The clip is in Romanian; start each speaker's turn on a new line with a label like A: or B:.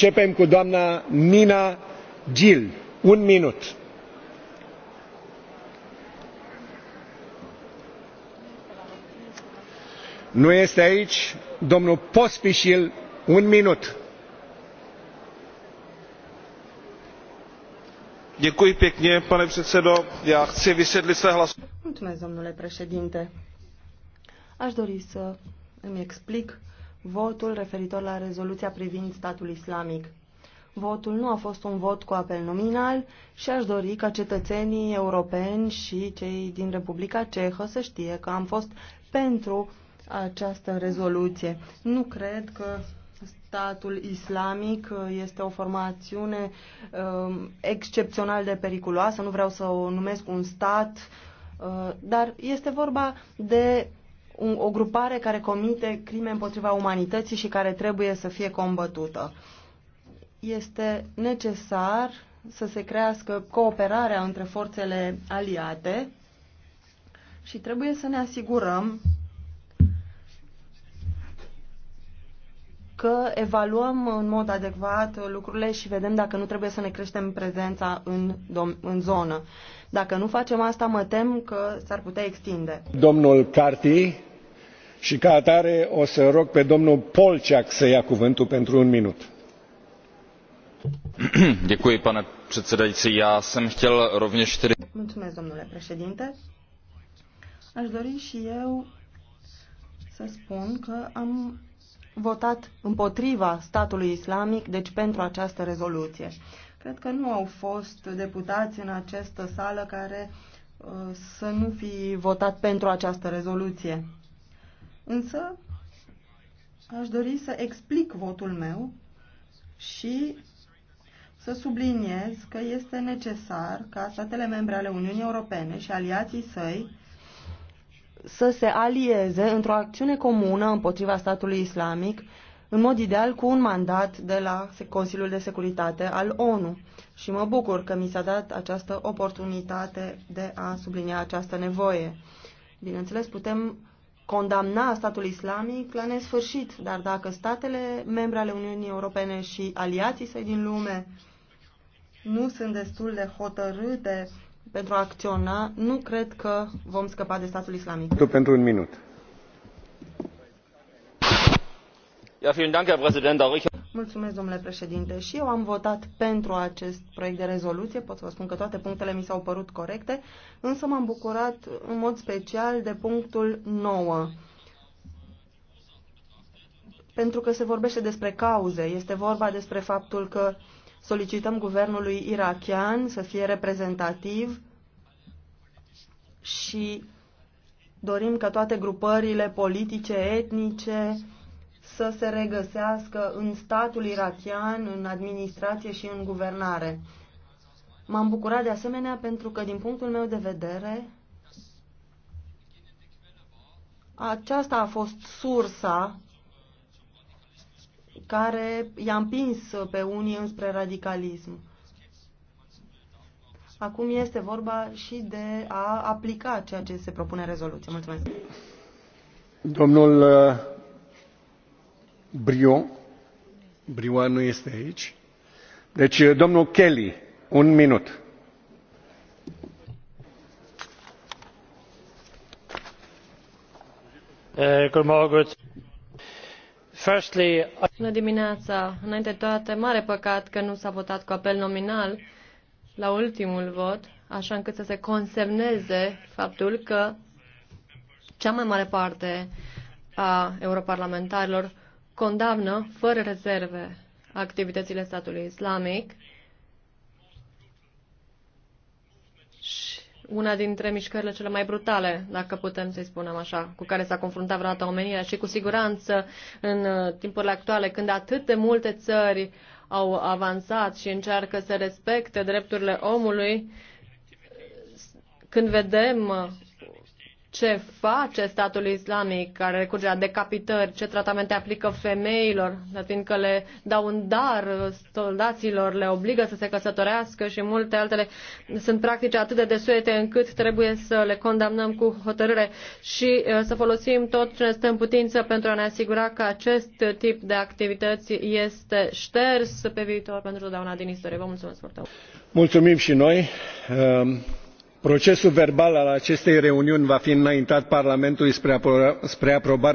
A: Începem cu doamna Nina Gil. Un minut. Nu este aici domnul Pospișil. Un minut. Děkuji pěkně, pane předsedo. Já chci vysvětlit své hlasování.
B: Mulțumesc, domnule președinte. Aș dori să îmi explic votul referitor la rezoluția privind statul islamic. Votul nu a fost un vot cu apel nominal și aș dori ca cetățenii europeni și cei din Republica Cehă să știe că am fost pentru această rezoluție. Nu cred că statul islamic este o formațiune um, excepțional de periculoasă, nu vreau să o numesc un stat, uh, dar este vorba de un, o grupare care comite crime împotriva umanității și care trebuie să fie combătută. Este necesar să se crească cooperarea între forțele aliate și trebuie să ne asigurăm că evaluăm în mod adecvat lucrurile și vedem dacă nu trebuie să ne creștem prezența în, în zonă. Dacă nu facem asta, mă tem că s-ar putea extinde.
A: Domnul Carti și ca atare o să rog pe domnul Polceac să ia cuvântul pentru un minut.
B: Děkuji, pane předsedající. Já jsem chtěl rovněž tedy... Mulțumesc, domnule președinte. Aș dori și eu să spun că am votat împotriva statului islamic, deci pentru această rezoluție. Cred că nu au fost deputați în această sală care uh, să nu fi votat pentru această rezoluție. Însă, aș dori să explic votul meu și să subliniez că este necesar ca statele membre ale Uniunii Europene și aliații săi să se alieze într-o acțiune comună împotriva statului islamic, în mod ideal cu un mandat de la Consiliul de Securitate al ONU. Și mă bucur că mi s-a dat această oportunitate de a sublinia această nevoie. Bineînțeles, putem condamna statul islamic la nesfârșit, dar dacă statele membre ale Uniunii Europene și aliații săi din lume nu sunt destul de hotărâte pentru a acționa, nu cred că vom scăpa de statul islamic.
A: Tu pentru un minut.
B: Mulțumesc, domnule președinte. Și eu am votat pentru acest proiect de rezoluție. Pot să vă spun că toate punctele mi s-au părut corecte, însă m-am bucurat în mod special de punctul 9. Pentru că se vorbește despre cauze. Este vorba despre faptul că Solicităm guvernului irachian să fie reprezentativ și dorim ca toate grupările politice, etnice să se regăsească în statul irachian, în administrație și în guvernare. M-am bucurat de asemenea pentru că, din punctul meu de vedere, aceasta a fost sursa care i-a împins pe unii înspre radicalism. Acum este vorba și de a aplica ceea ce se propune rezoluție. Mulțumesc.
A: Domnul Brio, uh, Brio nu este aici. Deci, uh, domnul Kelly, un minut. Uh,
C: good morning. Bună dimineața! Înainte de toate, mare păcat că nu s-a votat cu apel nominal la ultimul vot, așa încât să se consemneze faptul că cea mai mare parte a europarlamentarilor condamnă fără rezerve activitățile statului islamic una dintre mișcările cele mai brutale, dacă putem să-i spunem așa, cu care s-a confruntat vreodată omenirea și cu siguranță în uh, timpurile actuale, când atât de multe țări au avansat și încearcă să respecte drepturile omului, când vedem uh, ce face statul islamic care recurge la decapitări, ce tratamente aplică femeilor, fiindcă le dau un dar soldaților, le obligă să se căsătorească și multe altele sunt practice atât de desuete încât trebuie să le condamnăm cu hotărâre și uh, să folosim tot ce ne stă în putință pentru a ne asigura că acest tip de activități este șters pe viitor pentru totdeauna din istorie. Vă mulțumesc foarte mult!
A: Mulțumim și noi! Um, procesul verbal al acestei reuniuni va fi înaintat parlamentului spre aprobare în